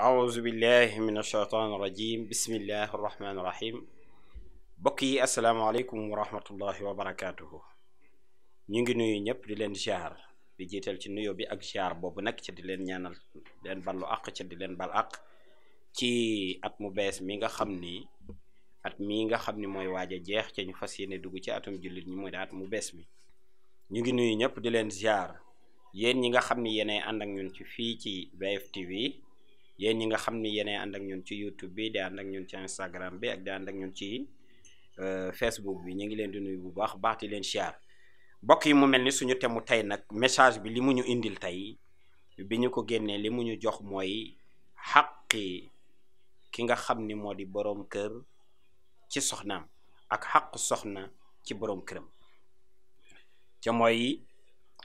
aawuzu billahi min ashaytaan irajim bismillahi irrahmani irrahim bokk yi asalaamaaleykum wa rahmatullahi wa barakaatuhu ñu ngi nuyu ñëpp di leen ziar di jiital ci nuyo bi ak ziar boobu nag ci di leen ñaanal leen ballu àq ci di leen bal ak ci at mu bees mi nga xam ni at mii nga xam ni mooy waaj a jeex ca ñu fas yéene dugg ci atum jullit ñi muy at mu bees mi ñu ngi nuyu ñëpp di leen ziar yéen ñi nga xam ni yéenay ànd ak ñun ci fii ci VF TV yéen ñi nga xam ni yéenay ànd ak ñun ci YouTube bi di ànd ak ñun ci Instagram bi ak di ànd ak ñun ci euh, Facebook bi ñu ngi leen di nuyu bu baax baax di leen siyaar mbokk yi mu mel ni suñu temu tey nag message bi li mu ñu indil tey bi ñu ko génnee li mu ñu jox mooy xaqi ki nga xam ni moo di boroom kër ci soxnaam ak xaqu soxna ci boroom këram ca mooy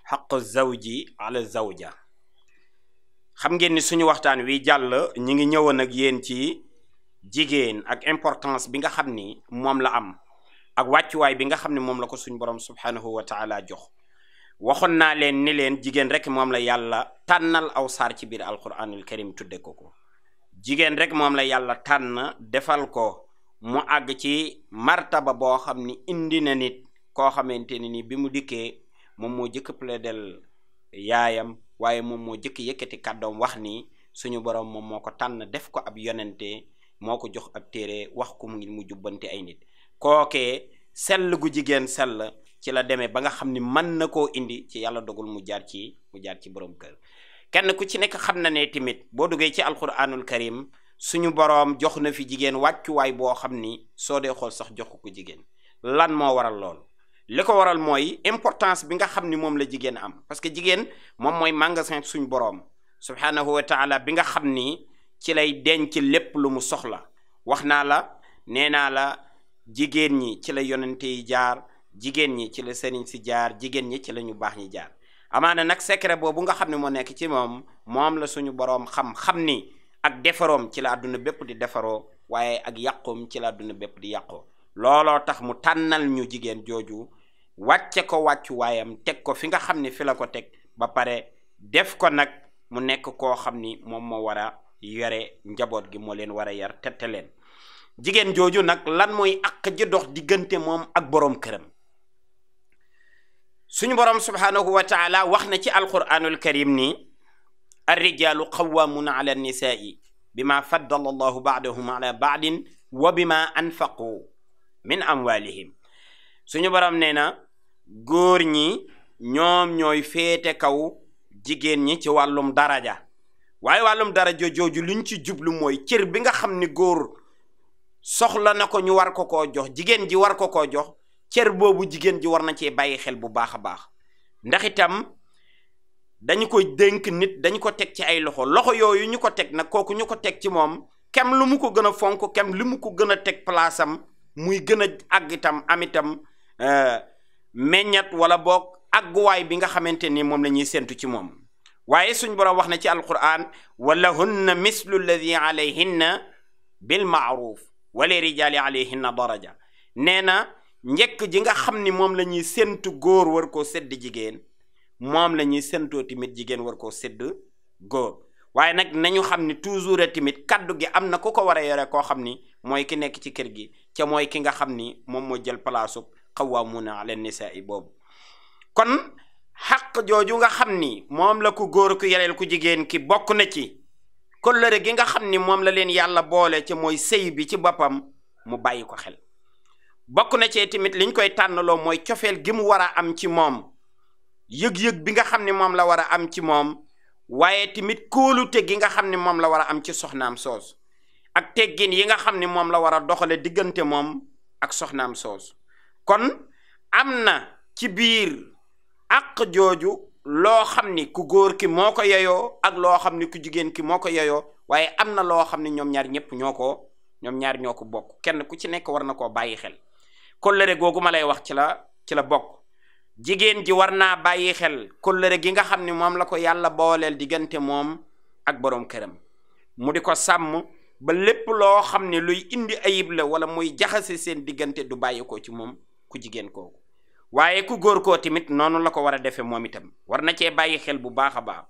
xaqu zawji ala zawja xam ngeen ni suñu waxtaan wi jàll ñi ngi ñëwoon ak yéen ci jigéen ak importance bi nga xam ni moom la am ak wàccuwaay bi nga xam ni moom la ko suñu borom subhanahu wa taala jox waxoon naa leen ni leen jigéen rek moom la yàlla tànnal aw saar ci biir alquranul karim tudde ko ko jigéen rek moom la yàlla tànn defal ko mu àgg ci martaba boo xam ni indi na nit koo xamante ne nii bi mu dikkee moom moo jëkk plaidel yaayam waaye moom moo jëkk yëkkati kàddoom wax ni suñu borom moom moo ko tànn def ko ab yonente moo ko jox ab téere wax ko mu mu jubbante ay nit kooke sell ku jigéen sell ci la demee ba nga xam ni mën na koo indi ci yàlla dogul mu jaar ci mu jaar ci borom kër kenn ku ci nekk xam na ne tamit boo duggee ci alquranul karim suñu boroom jox na fi jigéen wàccuwaay boo xam ni soo dee xool sax jox ko jigéen lan moo waral lool li ko waral mooy importance bi nga xam ni moom la jigéen am parce que jigéen moom mooy magasin suñ boroom subhaanahu wa taala bi nga xam ni ci lay denc lépp lu mu soxla wax naa la nee naa la jigéen ñi ci la yonente yi jaar jigéen ñi ci la sëriñ si jaar jigéen ñi ci la ñu baax ñi jaar amaana nag secret boobu nga xam ne moo nekk ci moom moom la suñu boroom xam-xam ni ak defaroom ci la àdduna bépp di defaroo waaye ak yàqoom ci la àdduna bépp di yàqoo looloo tax mu tànnal ñu jigéen jooju wàcce ko wàccuwaayam teg ko fi nga xam ni fi la ko teg ba pare def ko nag mu nekk koo xam ni moom moo war a yore njaboot gi moo leen war a yar tette leen jigéen jooju nag lan mooy ak ji diggante moom ak boroom këram suñu boroom subhaanahu wa taala wax na ci alquraanul karim ni arrijaalu qawwaamuuna ala nisaai bima faddala allahu baadahum ala baadin wa bima anfaqu min amwalihim suñu borom nee na góor ñi ñoom ñooy feete kaw jigéen ñi ci wàllum daraja waaye wàllum daraja jooju liñ ci jublu mooy cër bi nga xam ni góor soxla na ko ñu war ko ko jox jigéen ji war ko koo jox cër boobu jigéen ji war na cee bàyyi xel bu baax a baax ndax itam dañu ko dënk nit dañu ko teg ci ay loxo loxo yooyu ñu ko teg na kooku ñu ko teg ci moom kem lu mu ko gën a fonk kem lu mu ko gën a teg palaasam muy gën a àgg itam am itam euh, meññat wala boog àgguwaay bi nga xamante ni moom la ñuy séntu ci moom waaye suñ borom wax na ci alquran wala hunna mislu alladi alayhinna bil maaruf wala rijaali alayhinna daraja nee na njëkk ji nga xam ni moom la ñuy séntu góor war koo sedd jigéen moom la ñuy séntoo jigéen war koo sedd góor waaye nag nañu xam ni toujours tamit kaddu gi am na ku ko waree a yore koo xam ni mooy ki nekk ci kër gi ca mooy ki nga xam ni moom moo jël palaasu xawaamuuna ala nisaa boobu kon xaq jooju nga xam ni moom la ku góor ku yareel ku jigéen ki bokk na ci kóllëre gi nga xam ni moom la leen yàlla boole ci mooy sëy bi ci boppam mu bàyyi ko xel bokk na ci tamit liñ koy tànnaloo mooy cofeel gi mu war a am ci moom yëg-yëg bi nga xam ni moom la war a am ci moom waaye tamit kóolute gi nga xam ne moom la war a am ci soxnaam soos ak teggin yi nga xam ni moom la war a doxale diggante moom ak soxnaam soos kon am na ci biir àq jooju loo xam ni ku góor ki moo ko yeyoo ak loo xam ni ku jigéen ki moo ko yeyoo waaye am na loo xam ne ñoom ñaar ñëpp ñoo ko ñoom ñaar ñoo ko bokk kenn ku ci nekk war na koo bàyyi xel kóllëre googu ma lay wax ci la ci la bokk jigéen ji war naa bàyyi xel kóllëre gi nga xam ne moom la ko yàlla booleel diggante moom ak boroom këram mu di ko sàmm ba lépp loo xam ne luy indi ayib la wala muy jaxase seen diggante du bàyyi ko ci moom ku jigéen kooku waaye ku góor koo tamit noonu la ko war a defee moom itam war na cee bàyyi xel bu baax a baax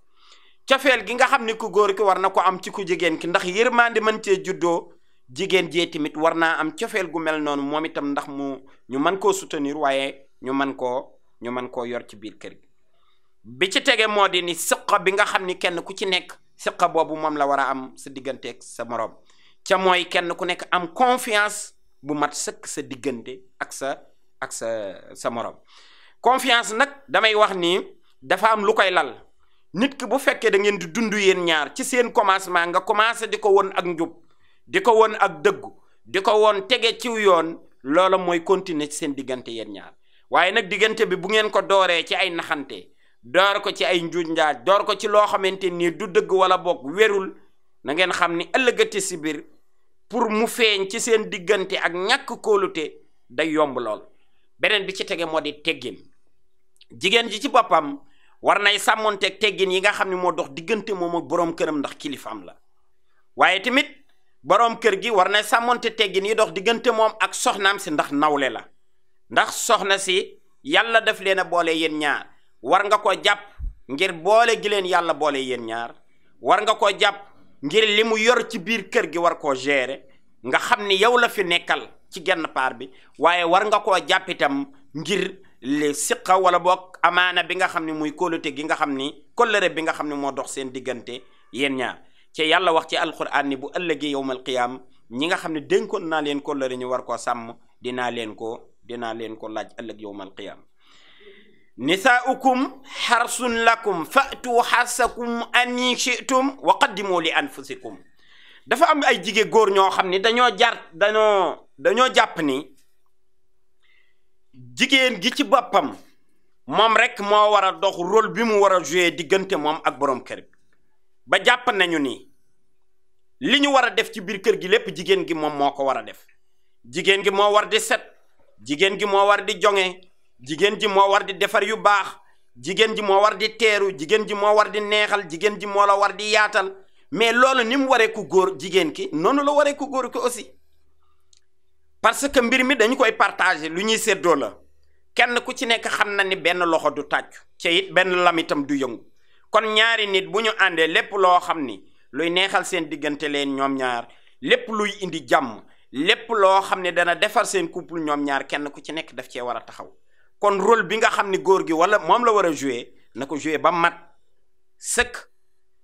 cofeel gi nga xam ne ku góor ki war na ko am ci ku jigéen ki ndax yërmande mën cee juddoo jigéen jee timit war naa am cofeel gu mel noonu moom itam ndax mu ñu mën koo soutenir waaye ñu mën koo ñu mën koo yor ci biir kër gi bi ci tegee moo di ni siqa bi nga xam ni kenn ku ci nekk siqa boobu moom la war a am sa digganteeg sa moroom ca mooy kenn ku nekk am confiance bu mat sëkk sa diggante ak sa ak sa sa moroom confiance nag damay wax ni dafa am lu koy lal nit ki bu fekkee da ngeen di dund yéen ñaar ci seen commencement nga commencé di ko woon ak njub di ko woon ak dëggu di ko woon tege ciw yoon loola mooy continuer ci seen diggante yéen ñaar waaye nag diggante bi bu ngeen ko dooree ci ay naxante door ko ci ay njuuj njaaj door ko ci loo xamante ni du dëgg wala boog werul na ngeen xam ni ëllëgati si biir pour mu feeñ ci seen diggante ak ñàkk kóolute day yomb lool beneen bi ci tege moo di teggin jigéen ji ci boppam war nay sàmmonteeg teggin yi nga xam ne moo dox diggante moom ak boroom këram ndax kilifaam la waaye tamit boroom kër gi war nay sàmmonte teggin yi dox diggante moom ak soxnaam si ndax nawle la ndax soxna si yàlla def leen a boole yéen ñaar war nga ko jàpp ngir boole gi leen yàlla boole yéen ñaar war nga ko jàpp ngir li mu yor ci biir kër gi war koo gérer nga xam ni yow la fi nekkal ci genn paar bi waaye war nga koo jàpp ngir li siqa wala boog amaana bi nga xam ne muy kóolute gi nga xam ni kóllëre bi nga xam ne moo dox seen diggante yéen ñaar ci yàlla wax ci alquran ni bu ëllëgee yowmal qiyaam ñi nga xam ne dénkoon naa leen kóllëre ñu war koo sàmm dinaa leen ko dinaa leen ko laaj ëllëg ni qiyaama nisaaukum xarsun lakum fatu xarsakum ani shitum wa qaddimu li anfusikum dafa am ay jigéen góor ñoo xam ni dañoo jar dañoo dañoo jàpp ni jigéen gi ci boppam moom rek moo war a dox rôle bi mu war a joué diggante moom ak boroom kër ba jàpp nañu ni li ñu war a def ci biir kër gi lépp jigéen gi moom moo ko war a def jigéen gi moo war di set jigéen gi moo war di jonge jigéen ji moo war di defar yu baax jigéen ji moo war di teeru jigéen ji moo war di neexal jigéen ji moo la war di yaatal mais loolu ni mu waree ku góor jigéen ki noonu la waree ku góor ki aussi parce que mbir mi dañu koy partager lu ñuy séddoo la kenn ku ci nekk xam na ni benn loxo du tàccu ci it benn lamitam du yëngu kon ñaari nit bu ñu àndee lépp loo xam ni luy neexal seen diggante leen ñoom ñaar lépp luy indi jàmm lépp loo xam ne dana defar seen couple ñoom ñaar kenn ku ci nekk def cee war a taxaw kon rôle bi nga xam ne góor gi wala moom la war a jouer na ko jouer ba mat sëkk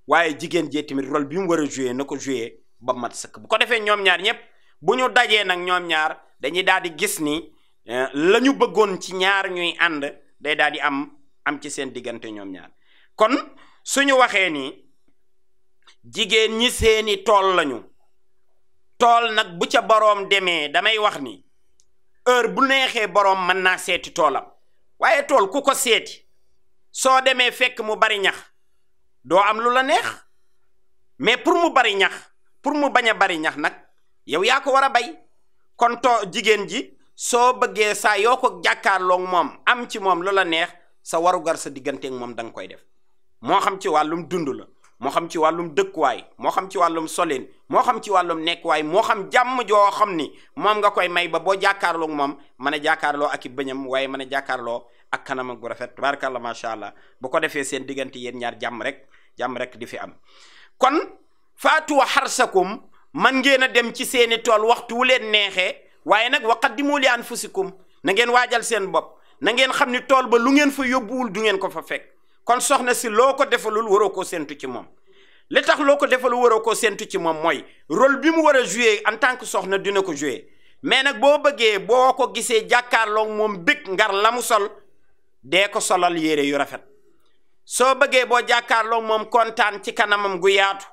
waaye jigéen jee tamit bi mu war a jouer na ko jouer ba mat sëkk bu ko defee ñoom ñaar ñëpp bu ñu dajee nag ñoom ñaar dañuy daal di gis ni eh, la ñu bëggoon ci ñaar ñuy ànd day daal di am am ci seen diggante ñoom ñaar kon suñu waxee ni jigéen ñi seeni tool lañu tool nag bu ca boroom demee damay wax ni heure bu neexee boroom mën naa seeti toolam waaye tool ku ko seeti soo demee fekk mu bari ñax doo am lu la neex mais pour mu bari ñax pour mu bañ a bari ñax nag yow yaa ko war a bay kon to jigéen ji soo bëggee saa yoo ko jàkkaarloog moom am ci moom lu la neex sa warugar sa digganteeg moom da nga koy def moo xam ci wàllum dund la moo xam ci wàllum dëkkuwaay moo xam ci wàllum solin moo xam ci wàllum nekkwaay moo xam jàmm joo xam ni moom nga koy may ba boo jàkkaarloo moom mën a jàkkaarloo ak i bëñam waaye mën a jàkkaarloo ak kanam gu rafet tabarakallah macha allah bu ko defee seen diggante yéen ñaar jàmm rek jàmm rek di fi am kon faatu xarsakum man ngeen a dem ci seeni tool waxtu wu leen neexee waaye nag waqaddimu li anfusikum na ngeen waajal seen bopp na ngeen xam ni tool ba lu ngeen fa yóbbuwul du ngeen ko fa fekk kon soxna si loo ko defalul waroo koo séntu ci moom li tax loo ko defalul waroo koo séntu ci moom mooy role bi mu war a joué en tant que soxna dina ko joué mais nag boo bëggee boo ko gisee jàkkaarloog moom bég ngar lamu sol dee ko solal yére yu rafet soo bëggee boo jàkkaarloog moom kontaan ci kanamam gu yaatu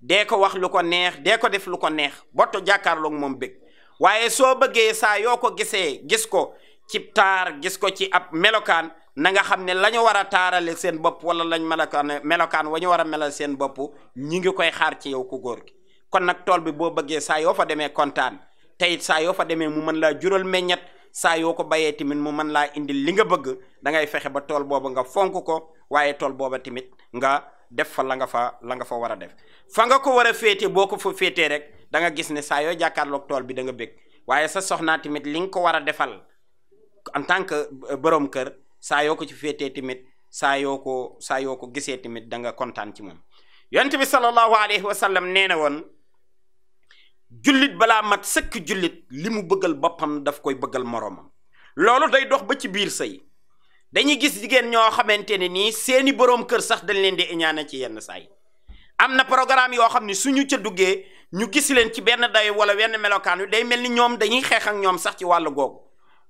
dee ko wax lu ko neex dee ko def lu ko neex botto jàkkaarloog moom bég waaye soo bëggee saa yoo ko gisee gis ko ci taar gis ko ci ab melokaan na nga xam ne la ñu war a taarale seen bopp wala lañ melokaan melokaan wa ñu war a melal seen bopp ñi ngi koy xaar ci yow ku góor gi kon nag tool bi boo bëggee saa yoo fa demee kontaan te saa yoo fa demee mu mën laa jural meññet saa yoo ko bayee tamit mu mën laa indi li nga bëgg dangay fexe ba tool booba nga fonk ko waaye tool booba tamit nga def fa la nga fa la nga fa war a def fa nga ko war a féete boo ko fa féetee rek danga gis ne saa yoo jàkkaarloog tool bi da nga bëgg waaye sa soxnaa tamit li nga ko war a defal en tant que euh, borom kër saa yoo ko ci féete tamit saa yoo ko saa yoo ko gisee tamit da nga kontaan ci moom yonent bi sallallahu alayhi wa sallam nee na woon jullit balaa mat sëkk jullit li mu bëggal boppam daf koy bëggal moroomam loolu day dox ba ci biir sëy dañuy gis jigéen ñoo xamante ne nii seeni boroom kër sax dañ leen di iñaane ci yenn saa yi am na programme yoo xam ne suñu ca duggee ñu gis leen ci benn day wala wenn melokaan wi day mel ni ñoom dañuy xeex ñoom sax ci wàllu googu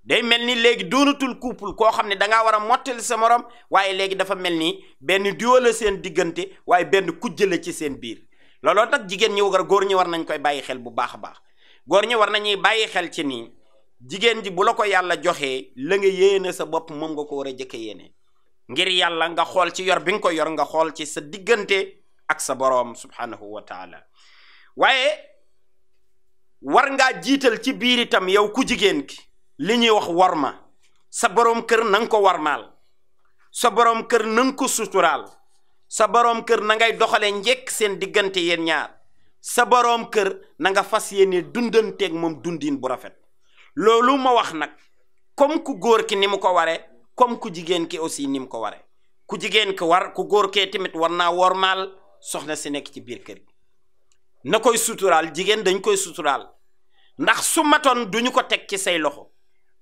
day mel ni léegi doonatul couple koo xam ne dangaa war a mottali sa morom waaye léegi dafa mel ni benn duo la seen diggante waaye benn kujje la ci seen biir looloo tax jigéen ñi war góor ñi war nañ koy bàyyi xel bu baax a baax góor ñi war nañuy bàyyi xel ci nii jigéen ji bu la ko yàlla joxee la nga sa bopp moom nga ko war a jëkke yéene ngir yàlla nga xool ci yor bi nga ko yor nga xool ci sa diggante ak sa boroom subhaanahu wa taala waaye war ngaa jiital ci biir itam yow ku jigéen ki li ñuy wax warma sa boroom kër na nga ko warmaal sa boroom kër na ko suturaal sa boroom kër na ngay doxale njekk seen diggante yéen ñaar sa boroom kër na fas yéene dundanteeg moom dundin bu rafet loolu ma wax nag comme ku góor ki ni mu ko waree comme ku jigéen ki aussi ni mu ko waree ku jigéen ki war ku góor kee tamit war naa wormaal soxna si nekk ci biir kër gi na koy sutural jigéen dañ koy suturaal ndax su matoon duñu ko teg ci say loxo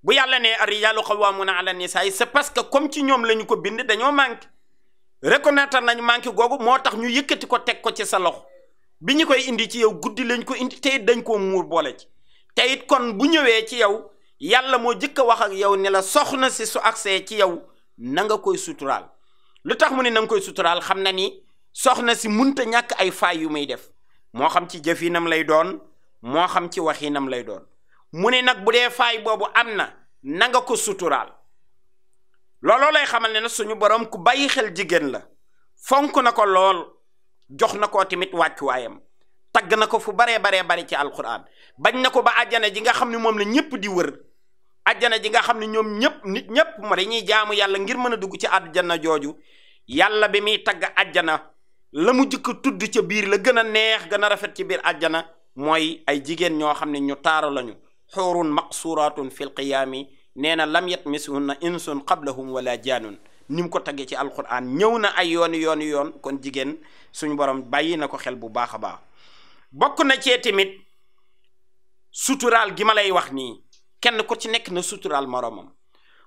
bu yàlla ne ar-rijaalu qawwaamuuna ni nisaa c'est parce que comme ci ñoom lañu ko bind dañoo manqué reconnaître nañu manqué googu moo tax ñu yëkkati ko teg ko ci sa loxo bi ñu koy indi ci yow guddi lañ ko indi tey dañ koo muur boole ci te kon bu ñëwee ci yow yàlla moo jëkk a wax ak yow ne la soxna si su agsee ci yow na nga koy suturaal lu tax mu ne na nga koy suturaal xam na ni soxna si munta ñàkk ay faay yu muy def moo xam ci jëfinam lay doon moo xam ci waxinam lay doon mu ne nag bu dee faay boobu am na nanga ko suturaal looloo lay xamal ne na suñu borom ku bàyyi xel jigéen la fonk na ko lool jox na ko tamit wàccuwaayam tagg na ko fu baree baree bari ci alquran bañ na ko ba àjjana ji nga xam ne moom la ñëpp di wër àjjana ji nga xam ne ñoom ñëpp nit ñëpp ma dañuy jaamu yàlla ngir mën a dugg ci àjjana jooju yàlla bi muy tagg àjjana la mu jëkk tudd ca biir la gën a neex gën a rafet ci biir àjjana mooy ay jigéen ñoo xam ne ñu taaru lañu xuurun maqsuuraatun fi lqiyaami nee na lam yatmishunna insun qablahum wala jaanun ni mu ko taggee ci alquran ñëw na ay yooni yooni yoon kon jigéen suñu borom bàyyi na ko xel bu baax a baax bokk na cee tamit suturaal gi ma lay wax nii kenn ku ci nekk na suturaal moroomam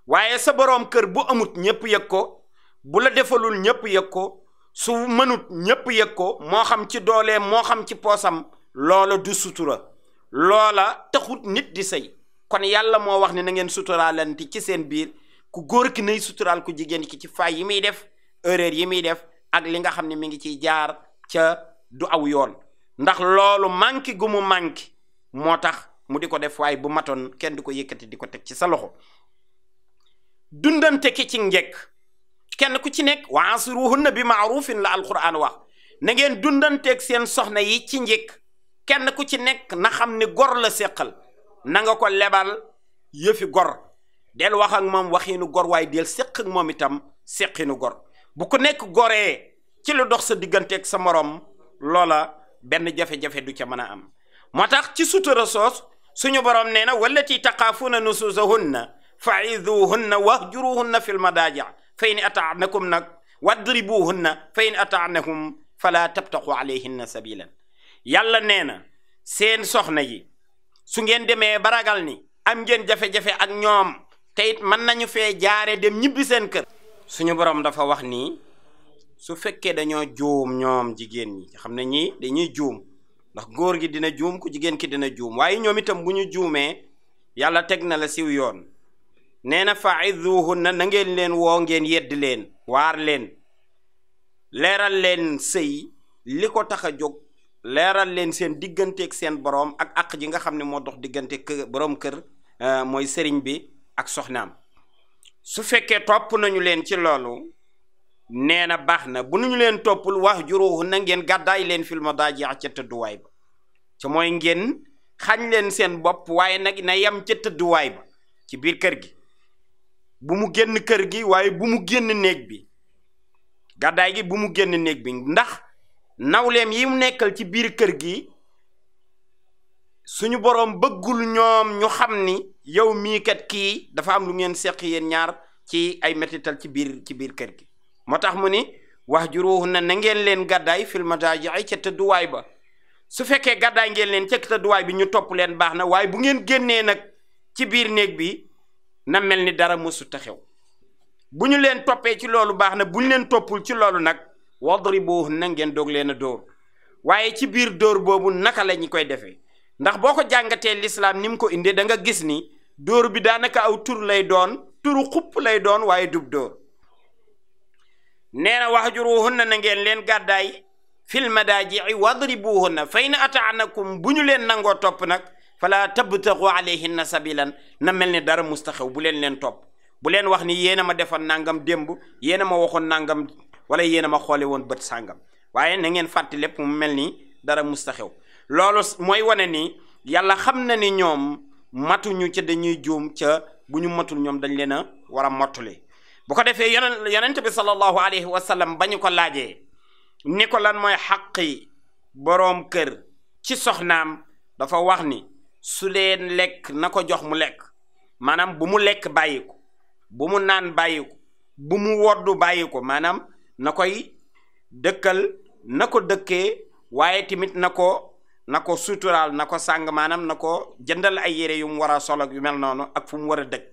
waaye sa boroom kër bu amut ñëpp yëg ko bu la defalul ñëpp yëg ko su mënut ñëpp yëg ko moo xam ci dooleem moo xam ci poosam loola du sutura loola taxut nit di sëy kon yàlla moo wax ne na ngeen suturaalante ci seen biir ku góor ki nay suturaal ku jigéen ki ci faay yi muy def erreur yi muy def ak li nga xam ne mi ngi ciy jaar ca du aw yoon ndax loolu manqué gu mu moo tax mu di ko def waaye bu matoon kenn di ko yëkkati di ko teg ci sa loxo dundante ki ci njëkk kenn ku ci nekk wa na bi maarufin la alquran wax na ngeen dundanteeg seen soxna yi ci njëkk kenn ku ci nekk na xam ni gor la séqal na nga ko lebal yëfi gor del wax ak moom waxiinu gor waay del séq ak moom itam séqinu gor bu ku nekk goree ci lu dox sa digganteek sa moroom loola benn jafe-jafe du ca mën a am moo tax ci sutura soos suñu borom nee na wallati taqaafuuna nusuusahunna fa'iduhunna wahjuruhunna fil madaaji fa in ataanakum nag wadribuhunna fa in ataanahum fala tabtaqu alayhinna sabilan yàlla nee na seen soxna yi su ngeen demee ba ragal ni am ngeen jafe-jafe ak ñoom te it mën nañu fee jaare dem ñibbi seen kër suñu borom dafa wax nii su fekkee dañoo juum ñoom jigéen ñi xam ne ñii dañuy juum ndax góor gi dina juum ku jigéen ki dina juum waaye ñoom itam bu ñu juumee yàlla teg na la siw yoon nee na fa'izuhunna na ngeen leen woo ngeen yedd leen waar leen leeral leen sëy li ko tax a jóg leeral leen seen digganteeg seen boroom ak àq ji nga xam ne moo dox diggante kë boroom kër euh, mooy sëriñ bi ak soxnaam su fekkee topp nañu leen ci loolu nee na baax na bu ñu leen toppul wax juróoxu na ngeen gàddaay leen fil madaaji ca tëdduwaay ba ca mooy ngeen xañ leen seen bopp waaye nag na yem ca tëdduwaay ba ci biir kër gi bu mu génn kër gi waaye bu mu génn néeg bi gàddaay gi bu mu génn néeg bi ndax nawleem yi mu nekkal ci biir kër gi suñu boroom bëggul ñoom ñu xam ni yow mii kat kii dafa am lu ngeen seq yéen ñaar ci ay mettital ci biir ci biir kër gi moo tax mu ni wax juróoxu na na ngeen leen gàddaay ji ay ca tëdduwaay ba su fekkee gàddaay ngeen leen ca tëdduwaay bi ñu topp leen baax na waaye bu ngeen génnee nag ci biir néeg bi na mel ni dara mësu taxew bu ñu leen toppee ci loolu baax na bu ñu leen toppul ci loolu nag wadribuhunna ngeen doog leen a dóor waaye ci biir dóor boobu naka la ñu koy defee ndax boo ko jàngatee lislaam ni mu ko indee danga gis ni dóor bi daanaka aw tur lay doon turu xupp lay doon waaye dub dóor nee na wahjuruhunna na ngeen leen gàddaay fil madaaji'i wadribuhunna fa in ata'nakum bu ñu leen nangoo topp nag falaa fala tabtaxu alayhinna sabilan na mel ni dara mustaxew bu leen leen topp bu leen wax ni yéena ma defoon nangam démb yéena ma waxoon nangam wala yéen a ma xoole woon bët sàngam waaye na ngeen fàtte lépp mu mel ni dara mustaxew loolu mooy wane ni yàlla xam na ni ñoom matuñu ca dañuy juum ca bu ñu matul ñoom dañ leen a war mottule bu ko defee yonent yonent bi sallallahu alayhi wa sallam ba ñu ko laajee ni ko lan mooy xaqi boroom kër ci soxnaam dafa wax ni su lekk na ko jox mu lekk maanaam bu mu lekk bàyyi ko bu mu naan bàyyi bu mu woddu bàyyi ko maanaam na koy dëkkal na ko dëkkee waaye tamit na ko na ko suturaal na ko sàng maanaam na ko jëndal ay yére yu mu war a sol ak yu mel noonu ak fu mu war a dëkk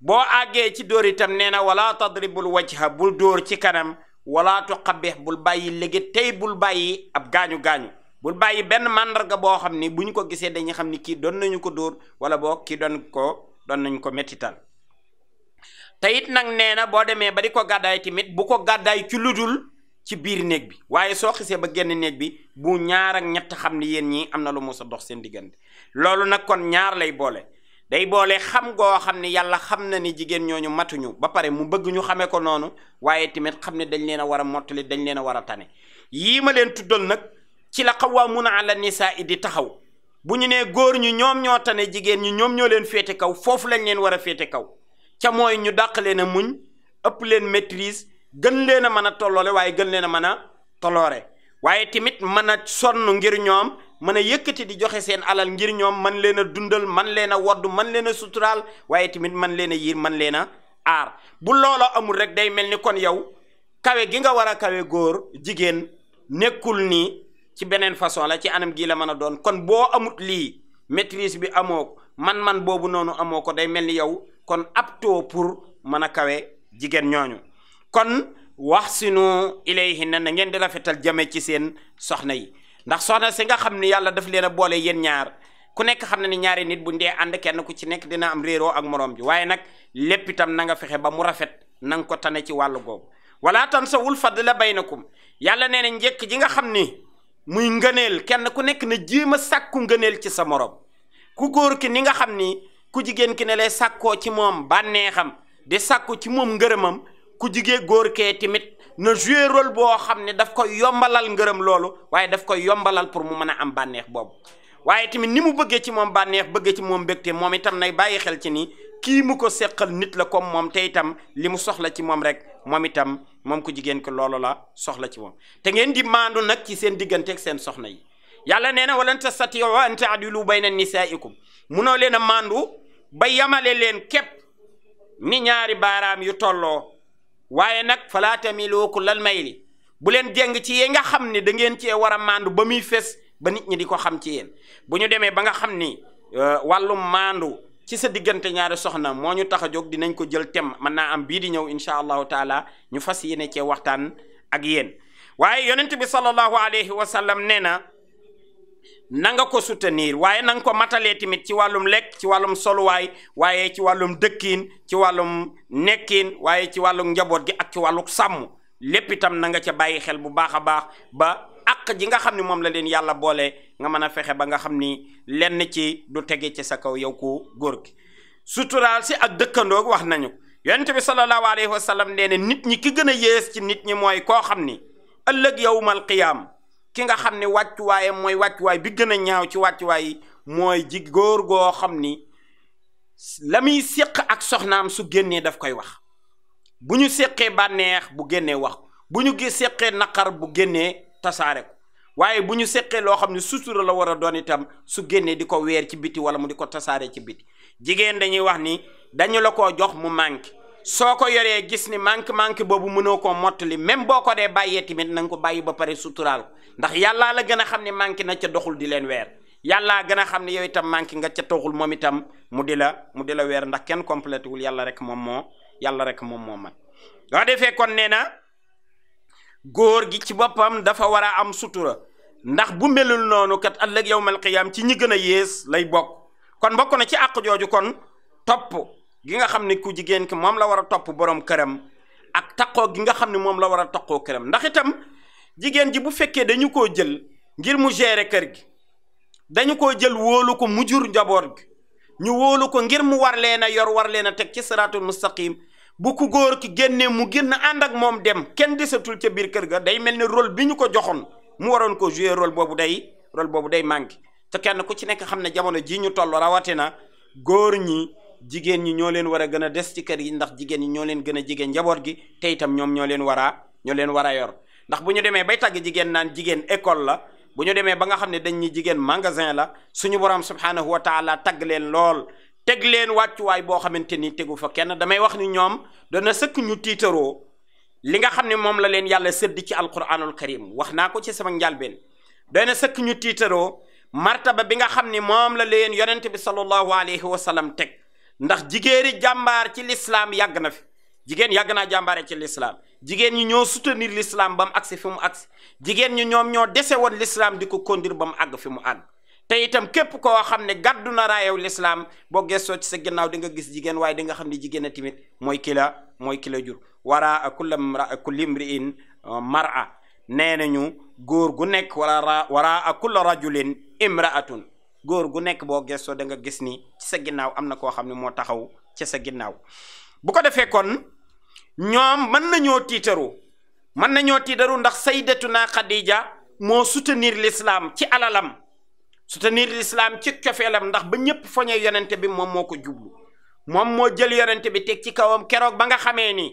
boo àggee ci dóor itam nee na wala tadribul wajha bul dóor ci kanam wala tuqabbih bul bàyyi léegi tey bul bàyyi ab gaañu-gaañu bul bàyyi benn màndarga boo xam ni bu ñu ko gisee dañuy xam ni kii doon nañu ko dóor wala boo kii doon ko doon nañu ko mettital te it nag nee na boo demee ba di ko gàddaay tamit bu ko gàddaay ci dul ci biir néeg bi waaye soo xisee ba génn néeg bi bu ñaar ak ñett xam ni yéen ñii am na lu mu dox seen diggante loolu nag kon ñaar lay boole day boole xam goo xam ni yàlla xam na ni jigéen ñooñu matuñu ba pare mu bëgg ñu xamee ko noonu waaye tamit xam ne dañ leen a war a mottali dañ leen a war a tane yii ma leen tuddal nag ci la mun a qawwaamuuna ni nisaa di taxaw bu ñu nee góor ñu ñoom ñoo tane jigéen ñi ñoom ñoo leen féete kaw foofu lañ leen war a féete kaw ca mooy ñu dàq leen a muñ ëpp leen maîtrise gën leen a mën a tolloole waaye gën leen a mën a tolloore waaye tamit mën a sonn ngir ñoom mën a yëkkati di joxe seen alal ngir ñoom man leen a dundal man leen a wodd man leen a suturaal waaye tamit man leen a yiir man leen a aar bu loola amul rek day mel ni kon yow kawe gi nga war a kawe góor jigéen nekkul nii ci beneen façon la ci anam gii la mën a doon kon boo amut lii maîtrise bi amoo man-man boobu noonu amoo ko day mel ni yow kon aptoo pour mën a kawe jigéen ñooñu kon wax sinu ilayhinna na ngeen di rafetal jame ci seen soxna yi ndax soxna si nga xam ni yàlla daf leen a boole yéen ñaar ku nekk xam ne ni ñaari nit buñ dee ànd kenn ku ci nekk dina am réeroo ak moroom bi waaye nag lépp itam na nga fexe ba mu rafet na nga ko tane ci wàllu googu wala tansawul fadla baynakum yàlla nee na ji nga xam ni muy ngëneel kenn ku nekk na jéem a sàkku ngëneel ci sa morom ku góor ki ni nga xam ni ku jigéen ki ne lay sàkkoo ci moom bànneexam di sàkku ci moom ngërëmam ku jigéen góor kee tamit na jouer rôle boo xam ne daf ko yombalal ngërëm loolu waaye daf ko yombalal pour mu mën a am bànneex boobu waaye tamit ni mu bëggee ci moom bànneex bëggee ci moom mbégte moom itam nay bàyyi xel ci nii kii mu ko seqal nit la comme moom te itam li mu soxla ci moom rek moom itam moom ku jigéen ko loolu la soxla ci moom te ngeen di maandu nag ci seen digganteeg seen soxna yi yàlla nee na walan bay an taadilu bayna nisaaikum munoo leen a maandu ba yamale leen képp ni ñaari baaraam yu tolloo waaye nag falaa tamilu kullal mayli bu leen jeng ci yi nga xam ni da ngeen cee war a maandu ba mi fees ba nit ñi di ko xam ci yéen bu ñu demee ba nga xam ni euh, wàllum maandu ci sa diggante ñaari soxna moo ñu tax a jóg dinañ ko jël tem mën naa am bii di ñëw incha allahu taala ñu fas yéene cee waxtaan ak yéen waaye yonent bi sallallahu alayhi wa sallam nee na na nga ko soutenir waaye na nga ko matalee tamit ci wàllum lekk ci wàllum soluwaay waaye ci wàllum dëkkiin ci wàllum nekkiin waaye ci wàllum njaboot gi ak ci wàllu sàmm lépp itam na nga ca bàyyi xel bu baax a baax ba. àq ji nga xam ni moom la leen yàlla boole nga mën a fexe ba nga xam ni lenn ci du tege ci sa kaw yow ko góor gi suturaal si ak dëkkandoog wax nañu yonent bi sallallahu alayhi wa sallam nee na nit ñi ki gën a yées ci nit ñi mooy koo xam ni ëllëg yowmal qiyaam ki nga xam ni wàccuwaayam mooy wàccuwaay bi gën a ñaaw ci wàccuwaay mooy ji góor goo xam ni la muy séq ak soxnaam su génnee daf koy wax bu ñu séqee bànneex bu génnee wax bu ñu gi séqee bu génnee tasaare ko waaye bu ñu seqee loo xam ne sutura la war a doon itam su génnee di ko weer ci biti wala mu di ko tasaare ci biti jigéen dañuy wax ni dañu la ko jox mu manqué soo ko yoree gis ni manque manque boobu munoo ko mottali même boo ko dee bàyyee tamit na nga ko bàyyi ba pare suturaal ko ndax yàllaa la gën a xam ne manqué na ca doxul di leen weer yàllaa gën a xam ne yow itam manqué nga ca doxul moom itam mu di la mu di la weer ndax kenn complété wul yàlla rek moom moo yàlla rek moom moo man góor gi ci boppam dafa war a am sutura ndax bu melul noonu kat ëllëg yawmal qiyaam ci ñi gën a yées lay bokk kon bokk na ci àq jooju kon topp gi nga xam ne ku jigéen ki moom la war a topp borom këram ak taqoo gi nga xam ne moom la war a taqoo këram ndax itam jigéen ji bu fekkee dañu ko jël ngir mu gérer kër gi dañu ko jël woolu ko mu jur njaboot gi ñu wóolu ko ngir mu war leen a yor war leen a teg ci siraatul mustaqim bu ku góor ki génnee mu génn ànd ak moom dem kenn desatul ca biir kër ga day mel ni rôle bi ñu ko joxoon mu waroon ko jouer rôle boobu day rôle boobu day manqué te kenn ku ci nekk xam ne jamono jii ñu toll rawatina góor ñi jigéen ñi ñoo leen war a gën a des ci kër yi ndax jigéen ñi ñoo leen gën a jigéen njaboot gi te yitam ñoom ñoo leen war a ñoo leen war a yor ndax bu ñu demee bay tàgg jigéen naan jigéen école la bu ñu demee ba nga xam ne dañ ñi jigéen magasin la suñu borom subhanahu wa taala tagg leen lool teg leen wàccuwaay boo xamante ni tegu fa kenn damay wax ni ñoom dana sëkk ñu tiitaroo li nga xam ne moom la leen yàlla sëdd ci alquranul karim wax naa ko ci sama njalbeen dana sëkk ñu tiitaroo martaba bi nga xam ni moom la leen yonent bi sallallahu alayhi wa sallam teg ndax jigéeni jàmbaar ci lislaam yàgg na fi jigéen yàgg naa jàmbaare ci lislaam jigéen ñi ñoo soutenir lislaam ba mu agsi fi mu agsi jigéen ñi ñoom ñoo dese woon lislaam di ko conduire ba mu àgg fi mu àgg te itam képp koo xam ne gàddu na raayaw lislaam boo gëstoo ci sa ginnaaw di nga gis jigéen waaye di nga xam ne jigéen a tamit mooy kila la mooy ki la jur wara kulla kulli uh, mar'a nee nañu góor gu nekk wala wara kulla rajulin imraatun góor gu nekk boo gëstoo da nga gis ni ci sa ginnaaw am na koo xam ne moo taxaw ci sa ginnaaw bu ko defee kon ñoom mën nañoo tiitaru mën nañoo tiitaru ndax sayyidatuna Khadija moo l'islam ci alalam soutenir l'islam ci cofeelam ndax ba ñëpp foñe yonente bi moom moo ko jublu moom moo jël yonente bi teg ci kawam keroog ba nga xamee ni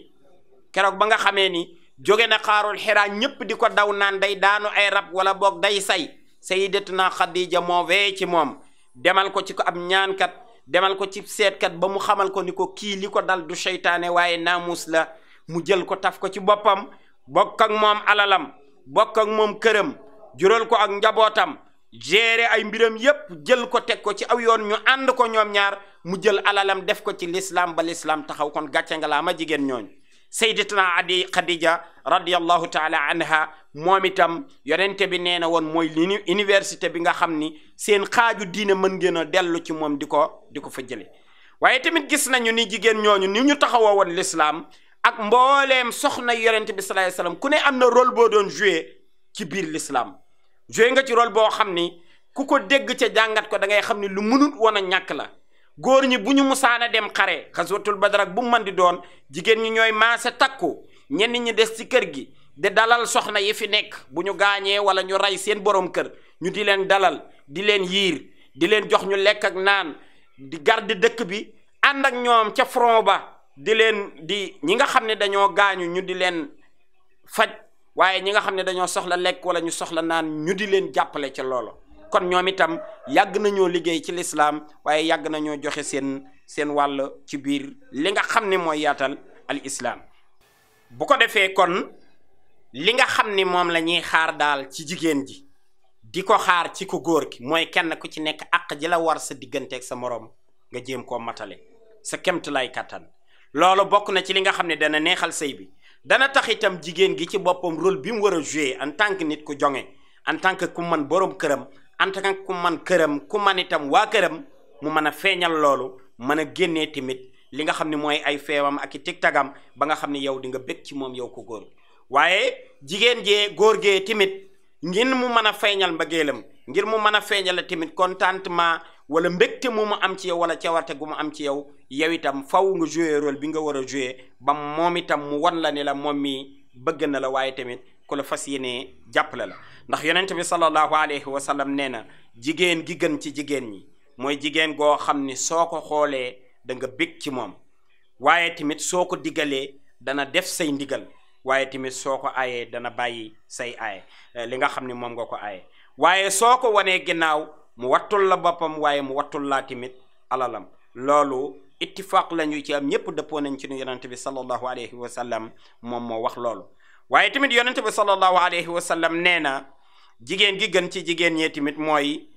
keroog ba nga xamee ni jóge na xaarol xiraa ñëpp di ko daw naan day daanu ay rab wala boog day say sayidatuna xadija moo wee ci moom demal ko ci ko ab ñaankat demal ko ci seetkat ba mu xamal ko ni ko kii li ko dal du seytaane waaye naamus la mu jël ko taf ko ci boppam bokk ak moom alalam bokk ak moom këram jural ko ak njabootam gérer ay mbiram yépp jël ko teg ko ci aw yoon ñu ànd ko ñoom ñaar mu jël alalam def ko ci lislaam ba lislaam taxaw kon gàcce nga laa ma jigéen ñooñu sayyidatuna adi khadija radiallahu taala anha moom itam yonente bi nee na woon mooy li université bi nga xam ni seen xaaju diine mën ngeen a dellu ci moom di ko di ko fa jële waaye tamit gis nañu ni jigéen ñooñu ni ñu taxawoo woon lislaam ak mbooleem soxna yonente bi sallallahu alayhi wasallam ku ne am na rôle boo doon joué ci biir lislaam joué nga ci role boo xam ni ku ko dégg ca jàngat ko dangay xam ni lu mënut woon a ñàkk la góor ñi bu ñu musaana dem xare xaswatul ba ak bu mu mën di doon jigéen ñi ñooy maase takku ñenn ñi des ci kër gi de dalal soxna yi fi nekk bu ñu gaañee wala ñu rey seen borom kër ñu di leen dalal di leen yiir di leen jox ñu lekk ak naan di garde dëkk bi ànd ak ñoom ca front ba di leen di ñi nga xam ne dañoo gaañu ñu di leen faj waaye ñi nga xam ne dañoo soxla lekk wala ñu soxla naan ñu di leen jàppale ca loolo kon ñoom itam yàgg nañoo liggéey ci lislaam waaye yàgg nañoo joxe seen seen wàll ci biir li nga xam ne mooy yaatal al islaam bu ko defee kon li nga xam ni moom la ñuy xaar daal ci jigéen ji di ko xaar ci ku góor ki mooy kenn ku ci nekk àq ji la war sa digganteek sa moroom nga jéem koo matale sa kemtulaay kàttan loolo bokk na ci li nga xam ne dana neexal sëy bi dana tax itam jigéen gi ci boppam rôle bi mu war a joué en tant que nit ku jonge en tant que ku man borom këram en tant que man këram ku man itam waa këram mu mën a feeñal loolu mën a génnee tamit li nga xam ne mooy ay feewam ak i tigtagam ba nga xam ni yow di nga bëgg ci moom yow ko góor waaye jigéen jee góor gee tamit ngir mu mën a feeñal mbëggeelam ngir mu mën a feeñal tamit contentement wala mbégte moo mu am ci yow wala cawarte gu mu am ci yow yow itam faw nga joué rôle bi nga war a joué ba moom itam mu wan la ne la moom mii bëgg na la waaye tamit ku la fas yéenee jàppale la ndax yonent bi sallallahu alayhi wa sallam nee na jigéen gi gën ci jigéen ñi mooy jigéen goo xam ni soo ko xoolee danga nga bég ci moom waaye tamit soo ko digalee dana def say ndigal waaye tamit soo ko aayee dana bàyyi say aaye li nga xam ne moom nga ko aaye waaye soo ko mu wattul la boppam waaye mu wattul laa tamit alalam loolu ittifaaq la ñu ci am ñëpp dëppoo nañ ci nu yonente bi sallallahu alayhi wa sallam moom moo wax loolu waaye tamit yonente bi sallallahu alayhi wa sallam nee na jigéen gi gën ci jigéen ñee tamit mooy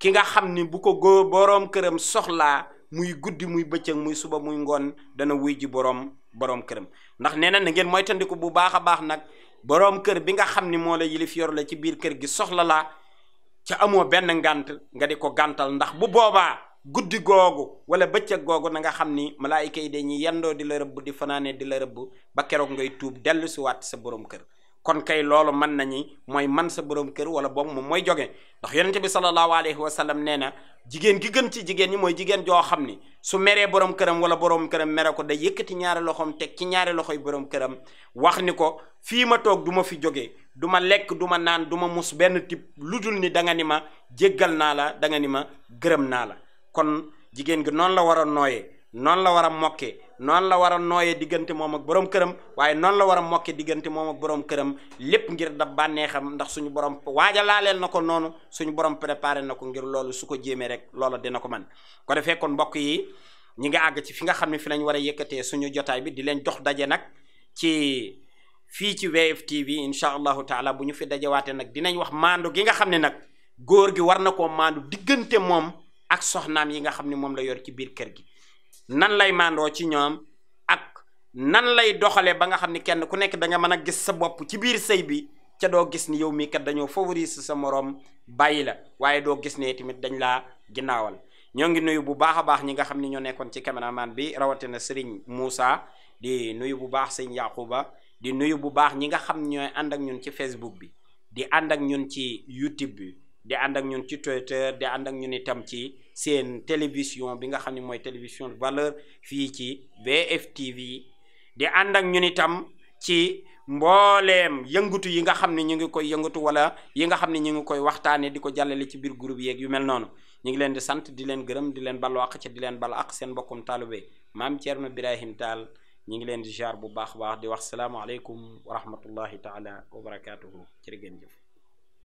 ki nga xam ni bu ko góor boroom këram soxlaa muy guddi muy bëccëg muy suba muy ngoon dana wuy ji boroom boroom këram ndax nee na na ngeen moytandiku bu baax a baax nag boroom kër bi nga xam ni moo la yilif yor la ci biir kër gi soxla la ca amoo benn ngànt nga di ko gantal ndax bu boobaa guddi googu wala bëccëg googu na nga xam ni malaayika yi dañuy yendoo di la rëbb di fanaane di la rëbb ba keroog ngay tuub dellu si sa borom kër kon kay loolu mën nañu mooy man sa borom kër wala boog moom mooy joge ndax te bi sallallahu alayhi wa sallam nee na jigéen gi gën ci jigéen ñi mooy jigéen joo xam ni su meree borom këram wala borom këram mere ko day yëkkati ñaari loxoom teg ci ñaari loxoy borom këram wax ni ko fii ma toog du ma fi jóge duma lekk du ma naan du ma mus benn tib lu dul ni danga ni ma jéggal naa la danga ni ma gërëm naa la kon jigéen gi noonu la war nooyee noonu la war a mokkee noonu la war a nooyee diggante moom ak borom këram waaye noonu la war a mokkee diggante moom ak borom këram lépp ngir da bànneexam ndax suñu borom waaja laaleel na ko noonu suñu borom préparé na ko ngir loolu su ko jéemee rek loola ko mën ko defee kon mbokk yi ñi nga àgg ci fi nga xam ne fi lañ war a yëkkatee suñu jotaay bi di leen jox daje nag ci fii ci WF TV incha allahu bu ñu fi dajewaatee nag dinañ wax maandu gi xam ne nag góor gi war na koo maandu diggante moom ak soxnaam yi nga xam ne moom la yor ci biir kër gi nan lay màndoo ci ñoom ak nan lay doxalee ba nga xam ni kenn ku nekk da nga mën a gis sa bopp ci biir sëy bi ca doo gis ni yow mii kat dañoo favoriser sa moroom bàyyi la waaye doo gis ne tamit dañ laa ginnaawal ñoo ngi nuyu bu baax a baax ñi nga xam ni ñoo nekkoon ci caméraman bi rawatina Serigne Moussa di nuyu bu baax sëñ Yaquba di nuyu bu baax ñi nga xam ñooy ànd ak ñun ci Facebook bi di ànd ak ñun ci YouTube di ànd ñun ci Twitter di ànd ak ñun itam ci. seen télévision bi nga xam ne mooy télévision valeur fii ci VFtv di ànd ak ñun itam ci mbooleem yëngatu yi nga xam ni ñu ngi koy yëngatu wala yi nga xam ne ñu ngi koy waxtaanee di ko jàllale ci biir groupe yeeg yu mel noonu ñu ngi leen di sant di leen gërëm di leen bala ak ci di leen bala ak seen mbokkum be maam Thierno Birahim Tall ñu ngi leen di jaar bu baax baax di wax a salaamualeykum wa rahmatullahi taala wa ci jërë ngeen jëf